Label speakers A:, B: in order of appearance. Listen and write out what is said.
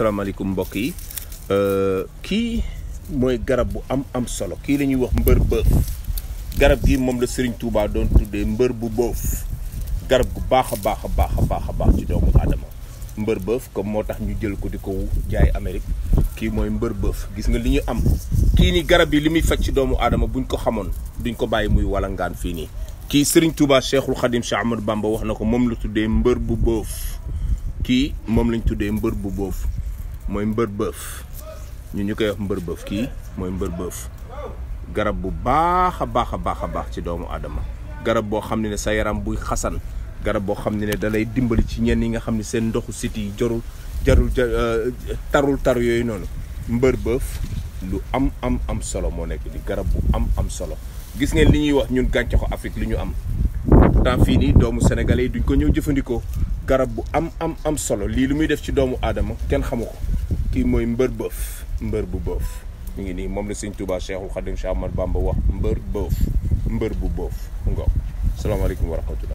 A: Assalamualaikum mbokk yi euh, ki moy garab bu am am solo ki lañuy wax mbeur bëf garab gi mom la Serigne Touba don tuddee mbeur bu boof garab gu baxa baxa baxa baxa bax ci doomu adama mbeur beuf comme motax ñu jël ko di jaay amerique ki moy mbeur beuf gis nga li ñu am ki ni garab yi limi muy ci doomu adama buñ ko xamone duñ ko bàyyi muy walangaan fi ni ki Serigne Touba Cheikhul Khadim Cheikh Ahmadou Bamba wax na ko la tuddee mbeur bu boof ki mom lañ tuddee mbeur bu boof moy mbërbëf ñu ñukay wax mbërbëf ki moy mbërbëf garab bu baax a baax baax ci doomu adama garab bo xamni ne sa yaram buy xasan garab bo xamni ne dalay dimbali ci ñen yi nga xamni seen ndoxu city jorul jarul euh, tarul taru yoy noonu lu am am am solo mona nek di garab bu am am solo gis ngeen li ñuy wax ñun gàncaxu Afrique li ñu am tan fi ni doomu sénégalais duñ ko ñew jëfëndiko garab bu am am am solo li lu muy def ci doomu adama kenn xamuko kii mooy mbër bëf mbër bu bëf mu ngi nii moom la sëñ Touba Cheikhul Khadim Cheikh Ahmad Bamba wax mbër bëf mbër bu bëf ngo salaamaaleykum wa rahmatullah